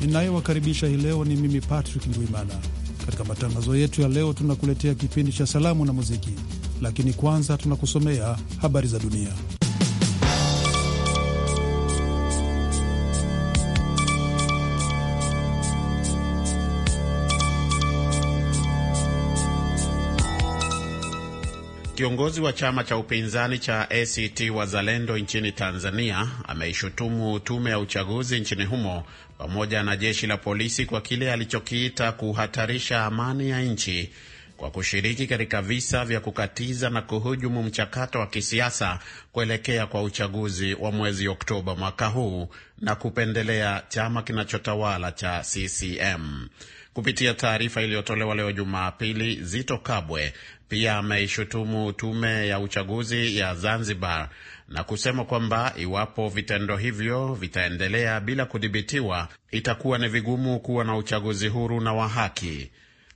ninayewakaribisha hii leo ni mimi Patrick Ndwimana. Katika matangazo yetu ya leo, tunakuletea kipindi cha salamu na muziki, lakini kwanza tunakusomea habari za dunia. Kiongozi wa chama cha upinzani cha ACT Wazalendo nchini Tanzania ameishutumu tume ya uchaguzi nchini humo pamoja na jeshi la polisi kwa kile alichokiita kuhatarisha amani ya nchi kwa kushiriki katika visa vya kukatiza na kuhujumu mchakato wa kisiasa kuelekea kwa uchaguzi wa mwezi Oktoba mwaka huu na kupendelea chama kinachotawala cha CCM. Kupitia taarifa iliyotolewa leo Jumapili, Zito Kabwe pia ameishutumu tume ya uchaguzi ya Zanzibar na kusema kwamba iwapo vitendo hivyo vitaendelea bila kudhibitiwa, itakuwa ni vigumu kuwa na uchaguzi huru na wa haki.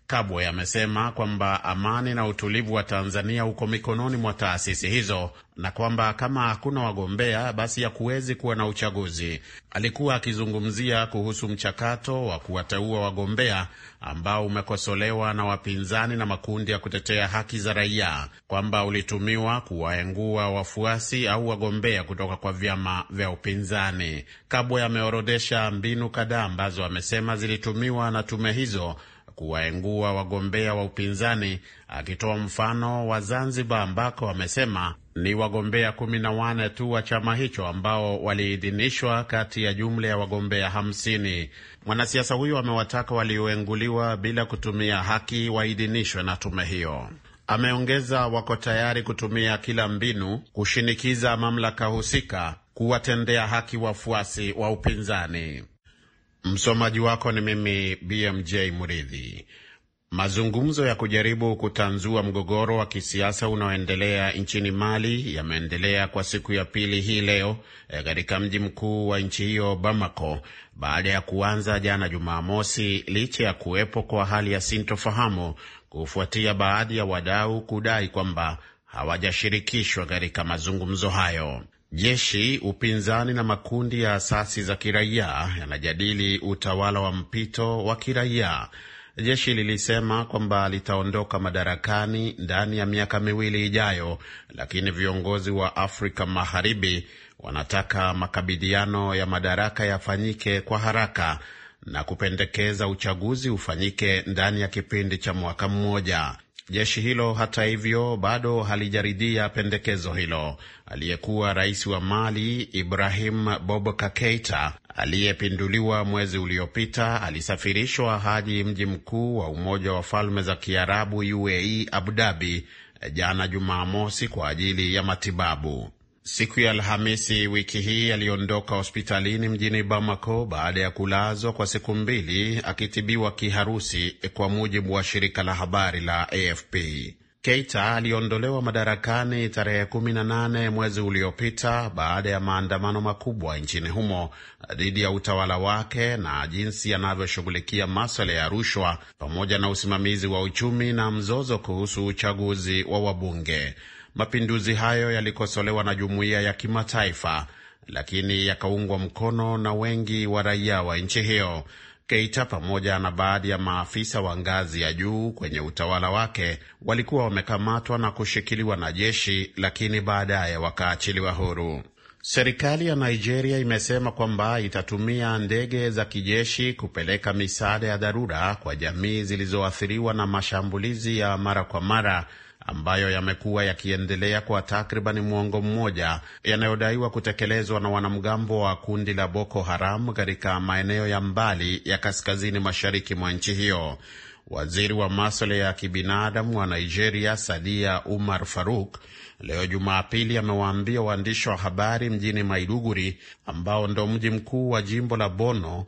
Kabwe amesema kwamba amani na utulivu wa Tanzania uko mikononi mwa taasisi hizo na kwamba kama hakuna wagombea basi hakuwezi kuwa na uchaguzi. Alikuwa akizungumzia kuhusu mchakato wa kuwateua wagombea ambao umekosolewa na wapinzani na makundi ya kutetea haki za raia kwamba ulitumiwa kuwaengua wafuasi au wagombea kutoka kwa vyama vya upinzani. Kabwe ameorodesha mbinu kadhaa ambazo amesema zilitumiwa na tume hizo kuwaengua wagombea wa upinzani, akitoa mfano wa Zanzibar ambako amesema ni wagombea kumi na wane tu wa chama hicho ambao waliidhinishwa kati ya jumla ya wagombea hamsini. Mwanasiasa huyo amewataka walioenguliwa bila kutumia haki waidhinishwe na tume hiyo. Ameongeza wako tayari kutumia kila mbinu kushinikiza mamlaka husika kuwatendea haki wafuasi wa upinzani. Msomaji wako ni mimi BMJ Muridhi. Mazungumzo ya kujaribu kutanzua mgogoro wa kisiasa unaoendelea nchini Mali yameendelea kwa siku ya pili hii leo eh, katika mji mkuu wa nchi hiyo Bamako, baada ya kuanza jana Jumamosi, licha ya kuwepo kwa hali ya sintofahamu kufuatia baadhi ya wadau kudai kwamba hawajashirikishwa katika mazungumzo hayo. Jeshi, upinzani na makundi ya asasi za kiraia yanajadili utawala wa mpito wa kiraia. Jeshi lilisema kwamba litaondoka madarakani ndani ya miaka miwili ijayo, lakini viongozi wa Afrika Magharibi wanataka makabidhiano ya madaraka yafanyike kwa haraka na kupendekeza uchaguzi ufanyike ndani ya kipindi cha mwaka mmoja. Jeshi hilo hata hivyo bado halijaridhia pendekezo hilo. Aliyekuwa rais wa Mali Ibrahim Boubacar Keita aliyepinduliwa mwezi uliopita alisafirishwa hadi mji mkuu wa Umoja wa Falme za Kiarabu UAE Abu Dhabi jana Jumamosi kwa ajili ya matibabu. Siku ya Alhamisi wiki hii aliondoka hospitalini mjini Bamako baada ya kulazwa kwa siku mbili akitibiwa kiharusi, kwa mujibu wa shirika la habari la AFP. Keita aliondolewa madarakani tarehe 18 mwezi uliopita baada ya maandamano makubwa nchini humo dhidi ya utawala wake na jinsi yanavyoshughulikia maswala ya rushwa pamoja na usimamizi wa uchumi na mzozo kuhusu uchaguzi wa wabunge. Mapinduzi hayo yalikosolewa na jumuiya ya kimataifa, lakini yakaungwa mkono na wengi wa raia wa nchi hiyo. Keita pamoja na baadhi ya maafisa wa ngazi ya juu kwenye utawala wake walikuwa wamekamatwa na kushikiliwa na jeshi, lakini baadaye wakaachiliwa huru. Serikali ya Nigeria imesema kwamba itatumia ndege za kijeshi kupeleka misaada ya dharura kwa jamii zilizoathiriwa na mashambulizi ya mara kwa mara ambayo yamekuwa yakiendelea kwa takriban mwongo mmoja, yanayodaiwa kutekelezwa na wanamgambo wa kundi la Boko Haram katika maeneo ya mbali ya kaskazini mashariki mwa nchi hiyo. Waziri wa maswala ya kibinadamu wa Nigeria, Sadia Umar Faruk, leo Jumapili, amewaambia waandishi wa habari mjini Maiduguri, ambao ndo mji mkuu wa jimbo la bono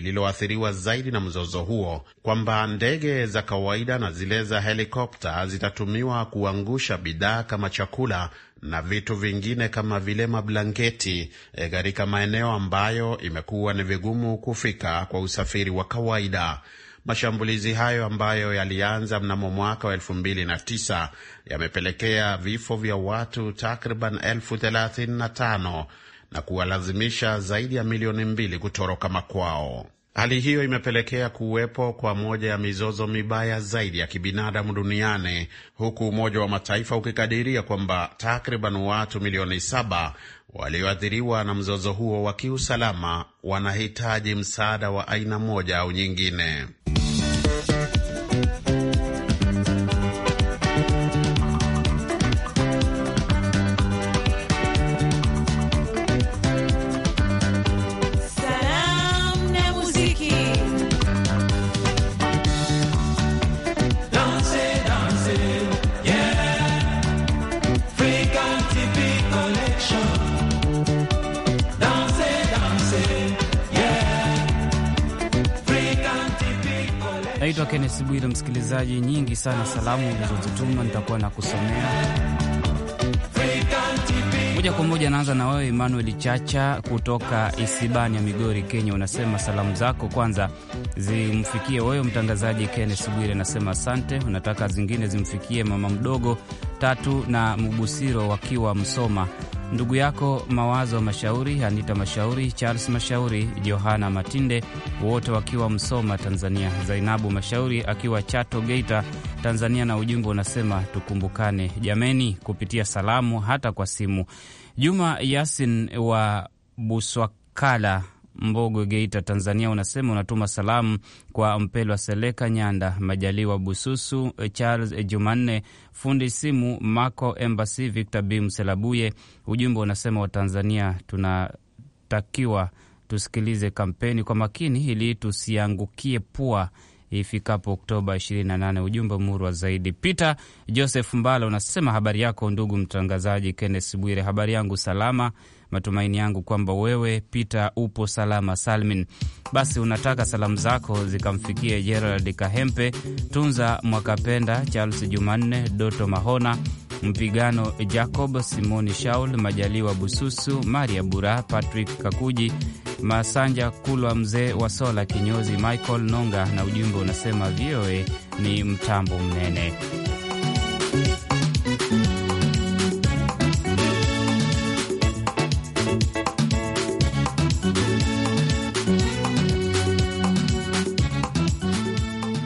lililoathiriwa zaidi na mzozo huo kwamba ndege za kawaida na zile za helikopta zitatumiwa kuangusha bidhaa kama chakula na vitu vingine kama vile mablanketi e, katika e, maeneo ambayo imekuwa ni vigumu kufika kwa usafiri wa kawaida. Mashambulizi hayo ambayo yalianza mnamo mwaka wa 29 yamepelekea vifo vya watu takriban elfu 35 na kuwalazimisha zaidi ya milioni mbili kutoroka makwao. Hali hiyo imepelekea kuwepo kwa moja ya mizozo mibaya zaidi ya kibinadamu duniani huku Umoja wa Mataifa ukikadiria kwamba takriban watu milioni saba walioathiriwa na mzozo huo wa kiusalama wanahitaji msaada wa aina moja au nyingine. Naitwa Kennes Bwire. Msikilizaji, nyingi sana salamu ulizozituma nitakuwa na kusomea moja kwa moja. Naanza na wewe Emmanuel Chacha kutoka Isibani ya Migori, Kenya. Unasema salamu zako kwanza zimfikie wewe mtangazaji Kennes Bwire, anasema asante. Unataka zingine zimfikie mama mdogo Tatu na Mubusiro wakiwa Msoma ndugu yako Mawazo Mashauri, Anita Mashauri, Charles Mashauri, Johana Matinde, wote wakiwa Msoma, Tanzania, Zainabu Mashauri akiwa Chato, Geita, Tanzania, na ujumbe unasema tukumbukane jameni, kupitia salamu hata kwa simu. Juma Yasin wa Buswakala Mbogwe, Geita, Tanzania, unasema unatuma salamu kwa Mpelwa Seleka, Nyanda Majaliwa, Bususu Charles, Jumanne fundi simu, Mako Embassy, Victor B Mselabuye. Ujumbe unasema Watanzania tunatakiwa tusikilize kampeni kwa makini ili tusiangukie pua ifikapo Oktoba 28. Ujumbe murwa zaidi. Peter Joseph Mbala unasema habari yako ndugu mtangazaji Kenneth Bwire, habari yangu salama Matumaini yangu kwamba wewe Pita upo salama salmin. Basi unataka salamu zako zikamfikie Gerald Kahempe, Tunza Mwakapenda, Charles Jumanne, Doto Mahona Mpigano, Jacob Simoni, Shaul Majaliwa, Bususu Maria Bura, Patrick Kakuji, Masanja Kulwa, mzee wa Sola Kinyozi, Michael Nonga, na ujumbe unasema VOA ni mtambo mnene.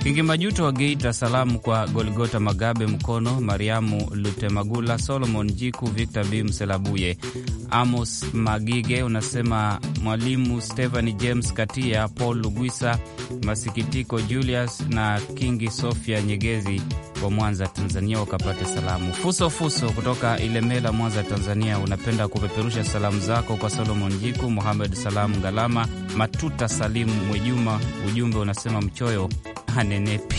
Kingi Majuto wa Geita, salamu kwa Golgota Magabe Mkono, Mariamu Lutemagula, Solomon Jiku, Victor V Mselabuye, Amos Magige. Unasema mwalimu Stephani James Katia, Paul Lugwisa, Masikitiko Julius na Kingi Sofia Nyegezi wa Mwanza, Tanzania, wakapate salamu. Fuso Fuso kutoka Ilemela, Mwanza, Tanzania, unapenda kupeperusha salamu zako kwa Solomon Jiku, Muhamed Salamu Galama, Matuta Salimu Mwejuma. Ujumbe unasema mchoyo anenepe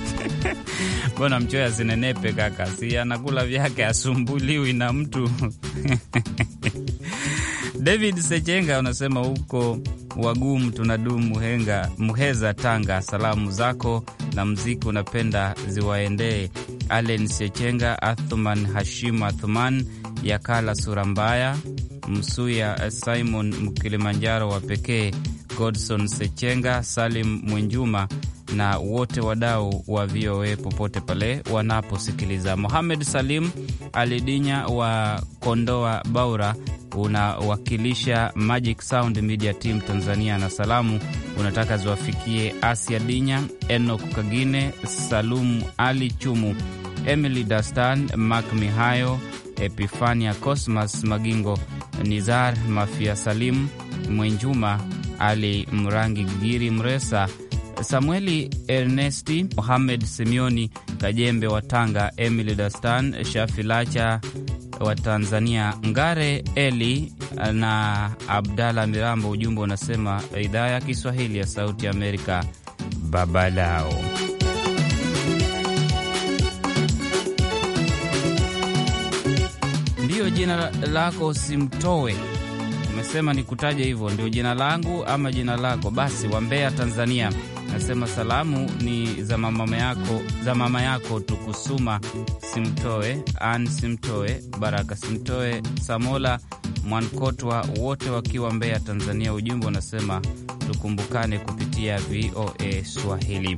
mbona mchoyo asinenepe kaka? Si anakula vyake, asumbuliwi na mtu David Sechenga unasema huko wagumu tunadumu muhenga Muheza, Tanga. Salamu zako na mziki unapenda ziwaendee Alen Sechenga, Athuman Hashim, Athuman Yakala, sura mbaya Msuya, Simon Mkilimanjaro wa pekee Godson Sechenga, Salim Mwenjuma na wote wadau wa VOA popote pale wanaposikiliza. Mohamed Salim Alidinya wa Kondoa Baura, unawakilisha Magic Sound Media Team Tanzania, na salamu unataka ziwafikie Asia Dinya, Enok Kagine, Salum Ali Chumu, Emily Dastan, Mak Mihayo, Epifania Cosmas Magingo, Nizar Mafia, Salim Mwenjuma ali Mrangi Giri Mresa, Samueli Ernesti, Mohamed Simeoni Kajembe wa Tanga, Emily Dastan Shafilacha wa Tanzania, Ngare Eli na Abdala Mirambo. Ujumbe unasema idhaa ya Kiswahili ya Sauti Amerika, babalao. Ndiyo jina lako simtowe Amesema nikutaja hivyo ndio jina langu ama jina lako, basi wa Mbeya, Tanzania. Nasema salamu ni za mama yako, za mama yako Tukusuma Simtoe, an Simtoe, Baraka Simtoe, Samola Mwankotwa, wote wakiwa Mbeya, Tanzania. Ujumbe unasema tukumbukane kupitia VOA Swahili.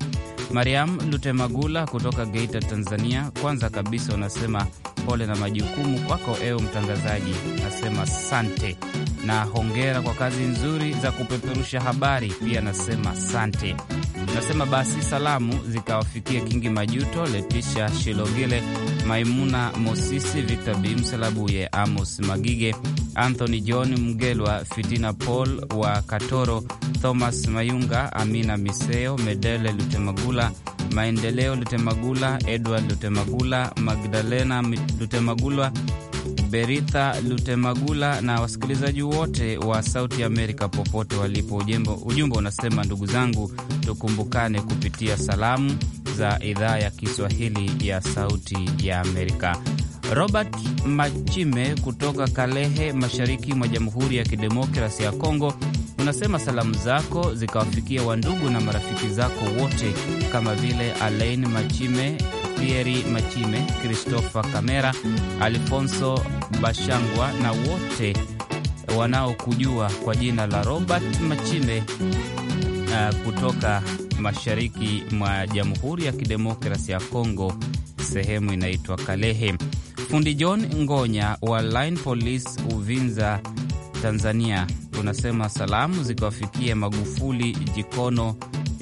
Mariam Lutemagula kutoka Geita, Tanzania, kwanza kabisa unasema pole na majukumu kwako, ewe mtangazaji. Nasema sante na hongera kwa kazi nzuri za kupeperusha habari. Pia nasema sante Nasema basi salamu zikawafikia Kingi Majuto, Letisha Shilogile, Maimuna Mosisi, Victor Bimselabuye, Amos Magige, Anthony John Mgelwa, Fitina Paul wa Katoro, Thomas Mayunga, Amina Miseo, Medele Lutemagula, Maendeleo Lutemagula, Edward Lutemagula, Magdalena Lutemagula Beritha Lutemagula na wasikilizaji wote wa Sauti Amerika popote walipo. Ujembo, ujumbe unasema ndugu zangu, tukumbukane kupitia salamu za idhaa ya Kiswahili ya Sauti ya Amerika. Robert Machime kutoka Kalehe, mashariki mwa Jamhuri ya Kidemokrasi ya Kongo, unasema salamu zako zikawafikia wandugu na marafiki zako wote kama vile Alain Machime Pieri Machime, Christopher Kamera, Alfonso Bashangwa na wote wanaokujua kwa jina la Robert Machime uh, kutoka mashariki mwa Jamhuri ya Kidemokrasi ya Kongo, sehemu inaitwa Kalehe. Fundi John Ngonya wa Line Police Uvinza, Tanzania, unasema salamu zikawafikia Magufuli Jikono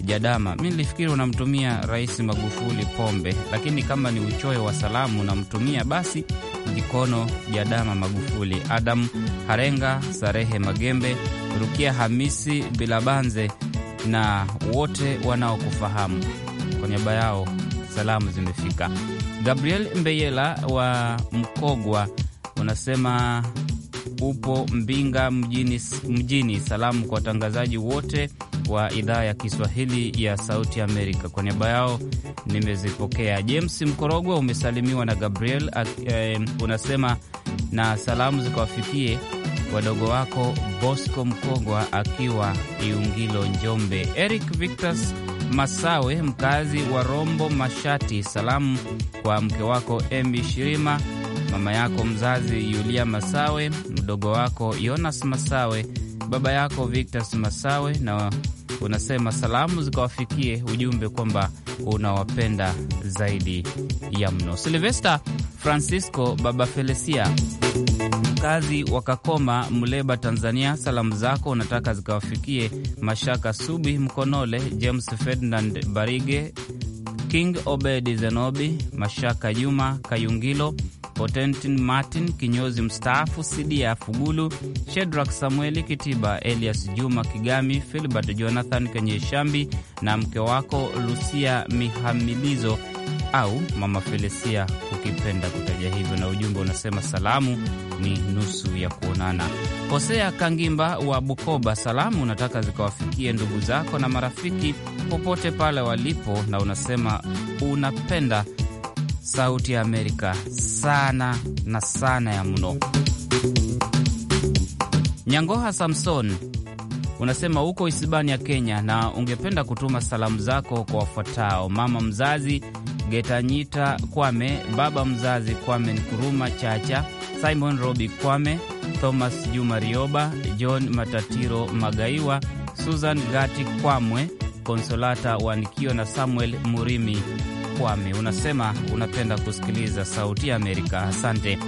Jadama, mi nilifikiri unamtumia Rais Magufuli pombe, lakini kama ni uchoyo wa salamu unamtumia basi Jikono Jadama Magufuli. adamu Harenga, Sarehe Magembe, Rukia Hamisi Bilabanze na wote wanaokufahamu kwa niaba yao salamu zimefika. Gabriel Mbeyela wa Mkogwa unasema upo Mbinga mjini, mjini. Salamu kwa watangazaji wote wa idhaa ya Kiswahili ya Sauti Amerika. Kwa niaba yao nimezipokea. James Mkorogwa umesalimiwa na Gabriel eh, unasema na salamu zikawafikie wadogo wako Bosco Mkogwa akiwa Iungilo, Njombe. Eric victos Masawe, mkazi wa Rombo Mashati, salamu kwa mke wako Emi Shirima, mama yako mzazi Yulia Masawe, mdogo wako yonas Masawe, baba yako victos Masawe na unasema salamu zikawafikie ujumbe kwamba unawapenda zaidi ya mno. Silvesta Francisco Baba Felesia, mkazi wa Kakoma, Muleba, Tanzania, salamu zako unataka zikawafikie Mashaka Subi Mkonole, James Ferdinand Barige, King Obedi Zenobi, Mashaka Juma Kayungilo Potentin Martin kinyozi mstaafu, Sidia Fugulu, Shedrak Samueli Kitiba, Elias Juma Kigami, Filibert Jonathan Shambi na mke wako Lucia Mihamilizo au Mama Felesia ukipenda kutaja hivyo, na ujumbe unasema salamu ni nusu ya kuonana. Hosea Kangimba wa Bukoba, salamu unataka zikawafikie ndugu zako na marafiki popote pale walipo, na unasema unapenda Sauti ya Amerika sana na sana ya mno. Nyangoha Samson unasema uko Isibani ya Kenya na ungependa kutuma salamu zako kwa wafuatao: mama mzazi Getanyita Kwame, baba mzazi Kwame Nkuruma Chacha, Simon Robi Kwame, Thomas Juma Rioba, John Matatiro Magaiwa, Susan Gati Kwamwe, Konsolata Wanikio na Samuel Murimi Kwame unasema unapenda kusikiliza Sauti ya Amerika. Asante.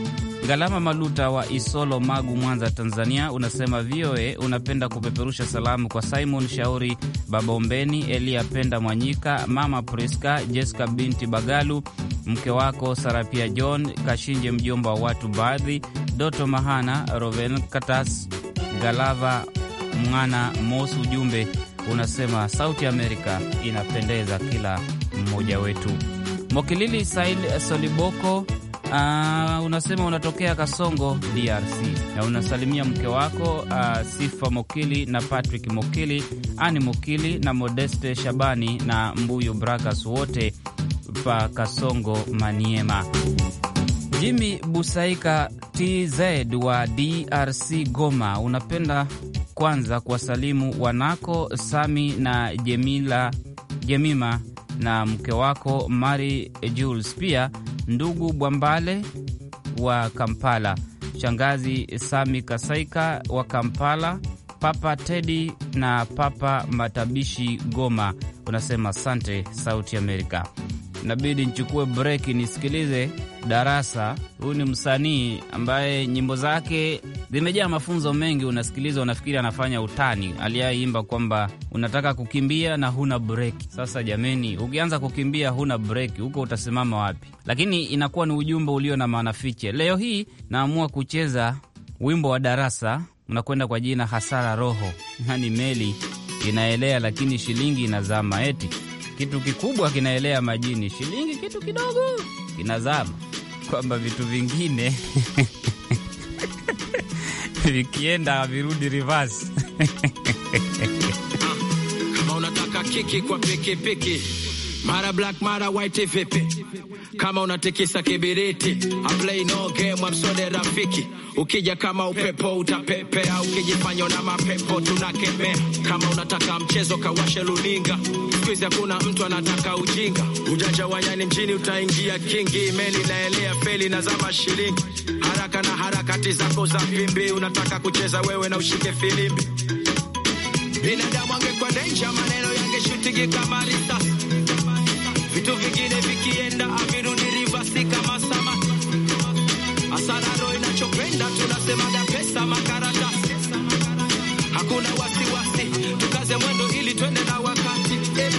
Galama Maluta wa Isolo, Magu, Mwanza, Tanzania, unasema VOA unapenda kupeperusha salamu kwa Simon Shauri, Babombeni, Eliya Penda Mwanyika, Mama Priska, Jessica binti Bagalu, mke wako Sarapia John Kashinje, mjomba wa watu baadhi, Doto Mahana, Roven Katas, Galava mwana mos Ujumbe unasema Sauti Amerika inapendeza kila mmoja wetu. Mokilili Said Soliboko uh, unasema unatokea Kasongo, DRC na unasalimia mke wako uh, Sifa Mokili na Patrick Mokili, Ani Mokili na Modeste Shabani na Mbuyu Brakas wote pa Kasongo, Maniema. Jimi Busaika TZ wa DRC Goma, unapenda kwanza kuwasalimu wanako Sami na Jemila, Jemima na mke wako Mari Jules, pia ndugu Bwambale wa Kampala, shangazi Sami Kasaika wa Kampala, Papa Tedi na Papa Matabishi Goma. Unasema asante Sauti Amerika nabidi nichukue break nisikilize Darasa. Huyu ni msanii ambaye nyimbo zake zimejaa mafunzo mengi, unasikiliza unafikiri anafanya utani. Aliyeimba kwamba unataka kukimbia na huna break. Sasa jameni, ukianza kukimbia huna break, huko utasimama wapi? Lakini inakuwa ni ujumbe ulio na maana fiche. Leo hii naamua kucheza wimbo wa Darasa unakwenda kwa jina hasara roho, yani meli inaelea lakini shilingi inazama eti kitu kikubwa kinaelea majini, shilingi kitu kidogo kinazama, kwamba vitu vingine vikienda virudi reverse. Ah, kama unataka kiki kwa pekepeke mara black mara white vipi? Kama unatikisa kibiriti, I play no game, amsode rafiki. Ukija kama upepo utapepea, ukijifanya na mapepo tunakemea. Kama unataka mchezo kawashe luninga, siku hizi hakuna mtu anataka ujinga. Ujanja wanyani mjini utaingia kingi, meli naelea feli na zama shilingi, haraka na harakati zako za vimbi. Unataka kucheza wewe na ushike filimbi, binadamu angekuwa danger, maneno yangeshutige kama risasi vitu vingine vikienda avirudi rivasi kama sama asararo inachopenda tunasema da pesa makaratasi, hakuna wasiwasi wasi. Tukaze mwendo ili twende na wakati eh.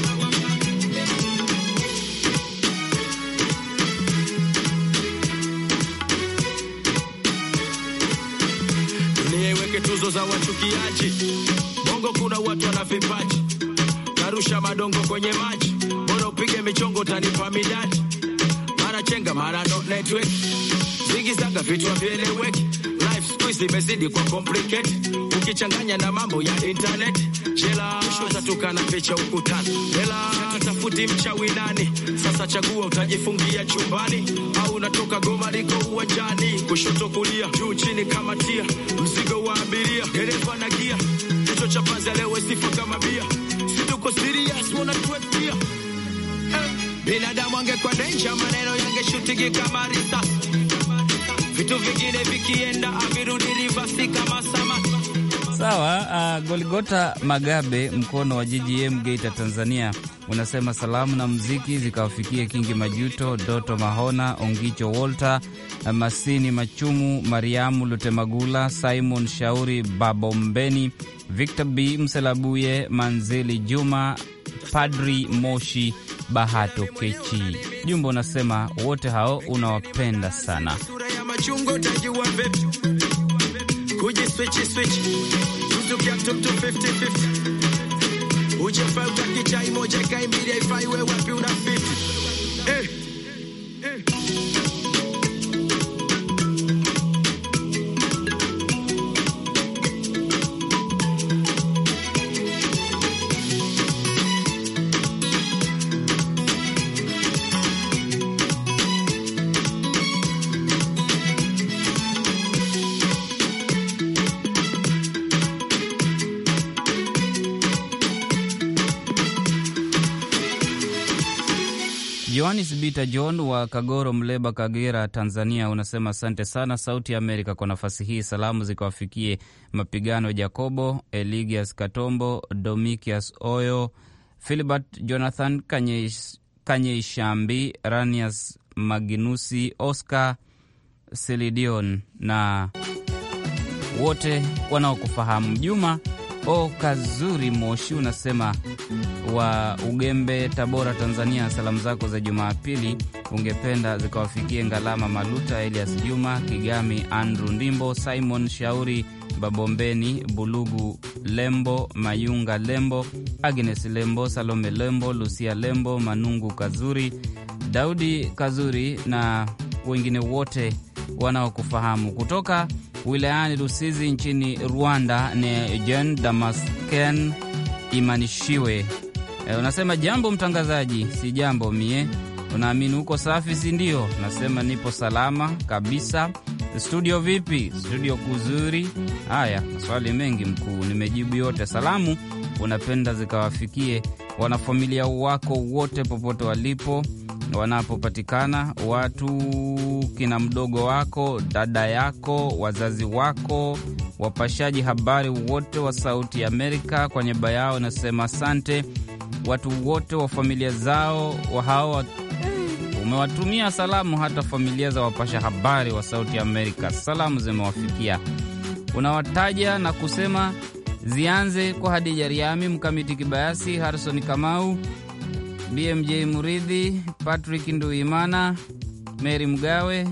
Niweke tuzo za wachukiaji bongo, kuna watu wana vipaji, narusha madongo kwenye maji michongo tanipa midati, mara chenga mara no network, zigizaga vitu havieleweki. Life squeeze hizi imezidi kwa complicate, ukichanganya na mambo ya internet. Jela utatukana picha ukutani, jela tafuti mchawi nani? Sasa chagua, utajifungia chumbani au unatoka goma liko uwanjani, kushoto kulia, juu chini, kama tia mzigo wa abiria, dereva na gia, kichwa cha panzi leo sifa kama bia, situko serious wanatuwekea Binadamu angekuwa denja, maneno yangeshutiki kama risa, vitu vingine vikienda avirudi rivasi kama sama. Sawa. Uh, ah, Goligota Magabe mkono wa GGM Geita, Tanzania, unasema salamu na mziki zikawafikia Kingi Majuto, Doto Mahona, Ongicho Walter, Masini Machumu, Mariamu Lutemagula, Simon Shauri, Babombeni, Victor B Mselabuye, Manzili Juma, Padri Moshi Bahato Kechi. Jumbe unasema wote hao unawapenda sana. Dennis Bita John wa Kagoro, Mleba, Kagera, Tanzania, unasema asante sana Sauti ya Amerika kwa nafasi hii. Salamu zikawafikie Mapigano Jacobo, Eligias Katombo, Domikias Oyo, Filibert Jonathan Kanyeishambi, Ranias Maginusi, Oscar Selidion na wote wanaokufahamu. Juma O Kazuri Moshi unasema wa Ugembe, Tabora, Tanzania. Salamu zako za Jumapili ungependa zikawafikie Ngalama Maluta, Elias Juma Kigami, Andrew Ndimbo, Simon Shauri, Babombeni Bulugu Lembo, Mayunga Lembo, Agnes Lembo, Salome Lembo, Lucia Lembo, Manungu Kazuri, Daudi Kazuri na wengine wote wanaokufahamu kutoka wilayani Rusizi nchini Rwanda ni Jean Damasken Imanishiwe. E, unasema jambo mtangazaji. Si jambo mie, unaamini huko safi, si ndio? Nasema nipo salama kabisa. Studio vipi? Studio kuzuri. Haya, maswali mengi mkuu, nimejibu yote. Salamu unapenda zikawafikie wanafamilia wako wote popote walipo wanapopatikana watu, kina mdogo wako, dada yako, wazazi wako, wapashaji habari wote wa Sauti ya Amerika. Kwa niaba yao nasema asante, watu wote wa familia zao wa umewatumia salamu, hata familia za wapasha habari wa Sauti ya Amerika. Salamu zimewafikia, unawataja na kusema zianze kwa Hadija Riami, Mkamiti Kibayasi, Harison Kamau BMJ Muridhi, Patrick Nduimana, Mary Mgawe,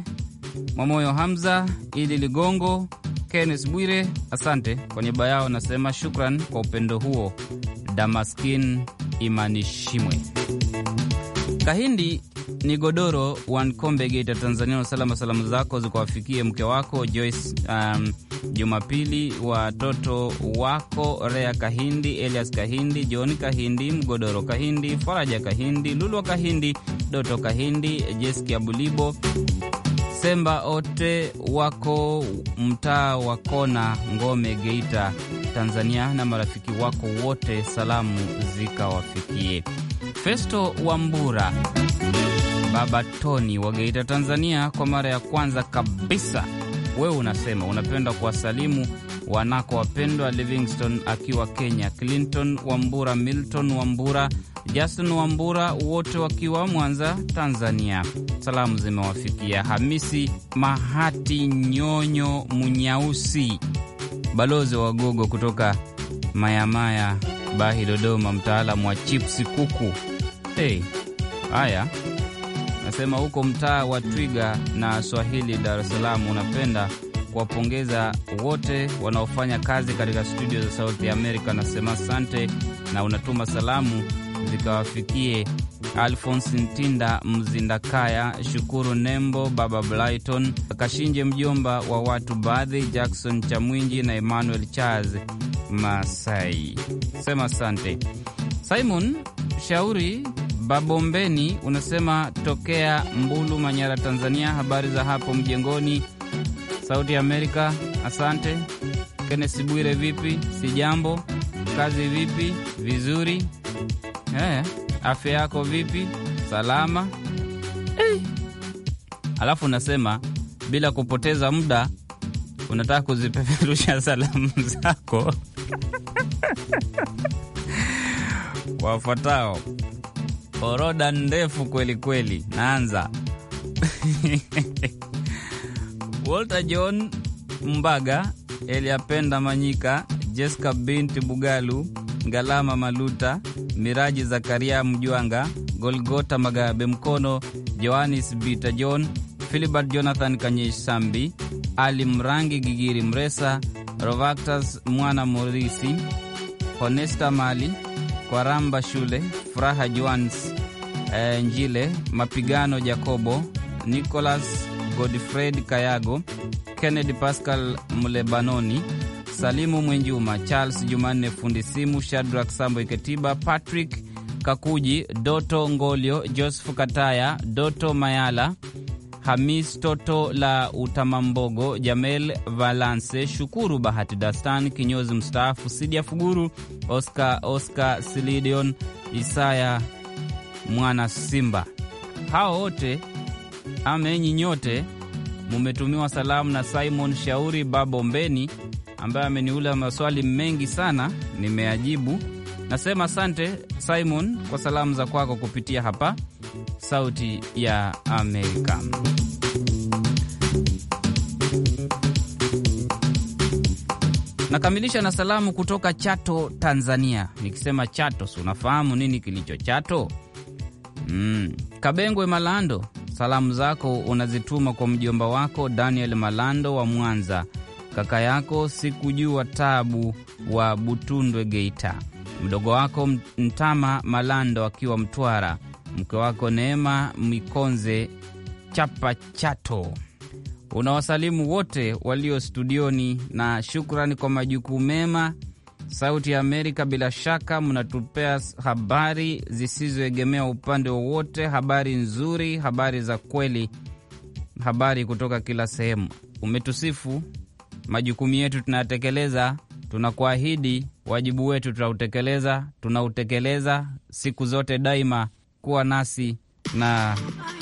Mwamoyo Hamza, Idi Ligongo, Kennes Bwire. Asante kwa niaba yao, nasema shukran kwa upendo huo. Damaskin Imanishimwe Kahindi ni Godoro Wankombe, Geita, Tanzania. Unasalama salamu zako zikawafikie mke wako Joyce um, Jumapili, watoto wako Rea Kahindi, Elias Kahindi, John Kahindi, Mgodoro Kahindi, Faraja Kahindi, Lulwa Kahindi, Doto Kahindi, Jeski Abulibo Semba, ote wako mtaa wa Kona Ngome, Geita, Tanzania, na marafiki wako wote, salamu zikawafikie. Festo Wambura Baba Tony wa Geita, Tanzania, kwa mara ya kwanza kabisa, wewe unasema unapenda kuwasalimu wanako wapendwa Livingston akiwa Kenya, Clinton Wambura, Milton Wambura, Justin Wambura, wote wakiwa Mwanza, Tanzania. Salamu zimewafikia Hamisi Mahati Nyonyo Munyausi, balozi wa Wagogo kutoka Mayamaya Bahi, Dodoma, mtaalamu wa chipsi kuku. Hey, haya nasema huko mtaa wa Twiga na Swahili, Dar es Salaam, unapenda kuwapongeza wote wanaofanya kazi katika studio za Sauti ya Amerika. nasema asante, na unatuma salamu zikawafikie Alfonsi Ntinda, Mzindakaya, Shukuru Nembo, Baba Blyton Kashinje, mjomba wa watu baadhi, Jackson Chamwinji na Emmanuel Charles Masai. Sema asante. Simon Shauri Babombeni unasema tokea Mbulu, Manyara, Tanzania. Habari za hapo mjengoni, Sauti Amerika. Asante. Kennesi Bwire, vipi? Si jambo. Kazi vipi? Vizuri. Eh, afya yako vipi? Salama. Eh. Alafu unasema bila kupoteza muda unataka kuzipeperusha salamu zako wafuatao Orodha ndefu kweli kweli, naanza Walter John Mbaga, Eliapenda Manyika, Jessica binti Bugalu, Ngalama Maluta, Miraji Zakaria Mjwanga, Golgota Magabe Mkono, Johannes Bita John, Filibert Jonathan Kanyesambi, Ali Mrangi Gigiri Mresa, Rovactus Mwana Morisi, Honesta Mali kwa ramba Shule, Furaha Joans eh, Njile, Mapigano Jacobo, Nicolas Godfred Kayago, Kennedy Pascal Mlebanoni, Salimu Mwenjuma, Charles Jumanne fundi simu, Shadrack Sambo Iketiba, Patrick Kakuji, Doto Ngolio, Joseph Kataya, Doto Mayala Hamis Toto la Utamambogo, Jamel Valance, Shukuru Bahati Dastan, kinyozi mstaafu, Sidia Fuguru, Oscar Oscar Silidion, Isaya Mwana Simba. Hao wote amenyi nyote mumetumiwa salamu na Simon Shauri Babombeni ambaye ameniuliza maswali mengi sana, nimeajibu. Nasema asante Simon kwa salamu za kwako kupitia hapa Sauti ya Amerika. Nakamilisha na salamu kutoka Chato, Tanzania. Nikisema Chato, si unafahamu nini kilicho Chato? Mm. Kabengwe Malando, salamu zako unazituma kwa mjomba wako Daniel Malando wa Mwanza, kaka yako sikujua tabu wa Butundwe Geita, mdogo wako Mtama Malando akiwa Mtwara, mke wako Neema Mikonze Chapa Chato. Unawasalimu wote walio studioni na shukrani kwa majukuu mema. Sauti ya Amerika, bila shaka mnatupea habari zisizoegemea upande wowote, habari nzuri, habari za kweli, habari kutoka kila sehemu. Umetusifu, majukumu yetu tunayatekeleza, tunakuahidi wajibu wetu tunautekeleza, tunautekeleza siku zote daima kuwa nasi na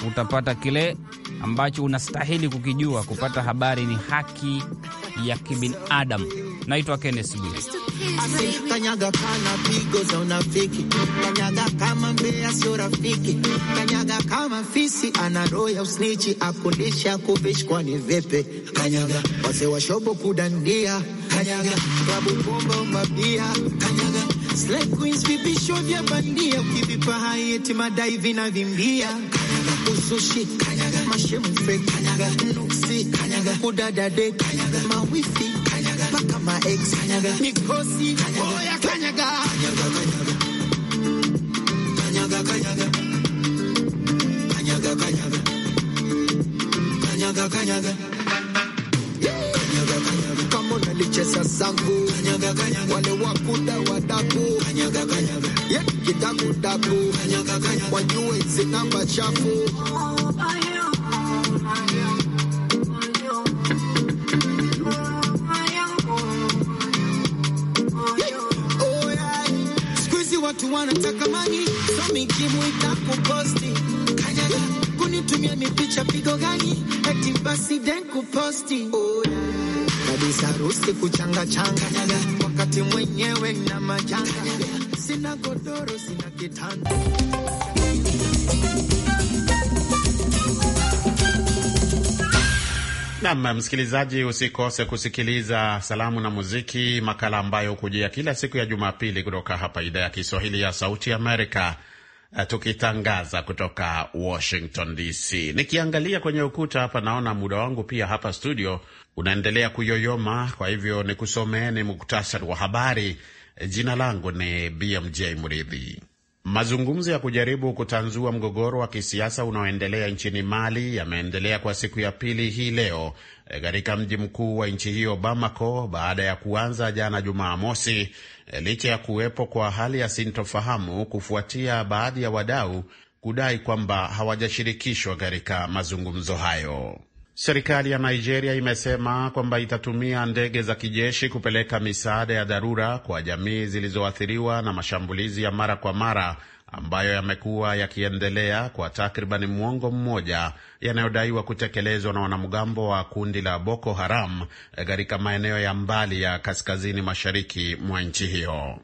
utapata kile ambacho unastahili kukijua. Kupata habari ni haki ya kibinadamu. Naitwa Kenneth Bwire. Kanyaga kana pigo za unafiki, kanyaga kama mbea sio rafiki, kanyaga kama fisi ana roho ya usnichi, akundisha kuvishkwa ni vepe, kanyaga wase washobo kudandia, kanyaga babu pombe mabia, kanyaga like Queens vipisho vya bandia ukivipa hai madai vinavimbia uzushi kanyaga mashemu fake kanyaga nuksi kanyaga kudada kanyaga mawifi kanyaga paka ma ex kanyaga mikosi oya oh, kanyaga kanyaga kanyaga kanyaga kanyaga kanyaga kanyaga kanyaga wale wakuda wadaku ye kidaku daku wajue zinamba chafu Watu wanataka mani somi kimu itakuposti kunitumia mipicha pigo gani eti basi den kuposti oh kabisa, rusi kuchanga changa, wakati mwenyewe na majanga, sina godoro, sina kitanda. Nam msikilizaji, usikose kusikiliza salamu na muziki, makala ambayo hukujia kila siku ya Jumapili kutoka hapa idhaa ya Kiswahili ya Sauti Amerika. Eh, tukitangaza kutoka Washington DC. Nikiangalia kwenye ukuta hapa, naona muda wangu pia hapa studio unaendelea kuyoyoma, kwa hivyo ni kusomeeni muktasari wa habari. Eh, jina langu ni BMJ Mridhi. Mazungumzo ya kujaribu kutanzua mgogoro wa kisiasa unaoendelea nchini Mali yameendelea kwa siku ya pili hii leo e, katika mji mkuu wa nchi hiyo Bamako, baada ya kuanza jana Jumamosi, e, licha ya kuwepo kwa hali ya sintofahamu kufuatia baadhi ya wadau kudai kwamba hawajashirikishwa katika mazungumzo hayo. Serikali ya Nigeria imesema kwamba itatumia ndege za kijeshi kupeleka misaada ya dharura kwa jamii zilizoathiriwa na mashambulizi ya mara kwa mara ambayo yamekuwa yakiendelea kwa takribani mwongo mmoja, yanayodaiwa kutekelezwa na wanamgambo wa kundi la Boko Haram katika maeneo ya mbali ya kaskazini mashariki mwa nchi hiyo.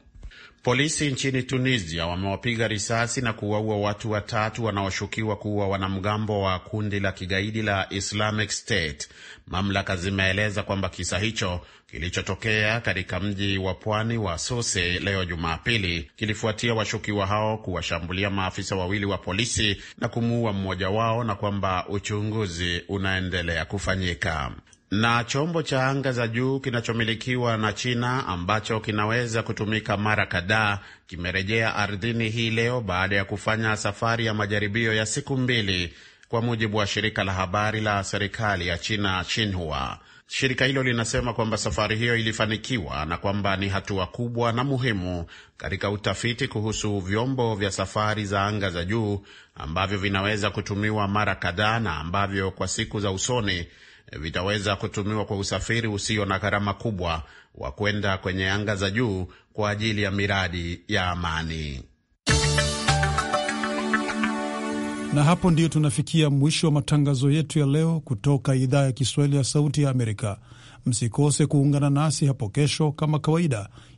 Polisi nchini Tunisia wamewapiga risasi na kuwaua watu watatu wanaoshukiwa kuwa wanamgambo wa kundi la kigaidi la Islamic State. Mamlaka zimeeleza kwamba kisa hicho kilichotokea katika mji wa pwani wa Sose leo Jumapili kilifuatia washukiwa hao kuwashambulia maafisa wawili wa polisi na kumuua mmoja wao na kwamba uchunguzi unaendelea kufanyika na chombo cha anga za juu kinachomilikiwa na China ambacho kinaweza kutumika mara kadhaa kimerejea ardhini hii leo baada ya kufanya safari ya majaribio ya siku mbili, kwa mujibu wa shirika la habari la serikali ya China Xinhua. Shirika hilo linasema kwamba safari hiyo ilifanikiwa na kwamba ni hatua kubwa na muhimu katika utafiti kuhusu vyombo vya safari za anga za juu ambavyo vinaweza kutumiwa mara kadhaa na ambavyo kwa siku za usoni eh, vitaweza kutumiwa kwa usafiri usio na gharama kubwa wa kwenda kwenye anga za juu kwa ajili ya miradi ya amani. Na hapo ndiyo tunafikia mwisho wa matangazo yetu ya leo kutoka idhaa ya Kiswahili ya Sauti ya Amerika. Msikose kuungana nasi hapo kesho kama kawaida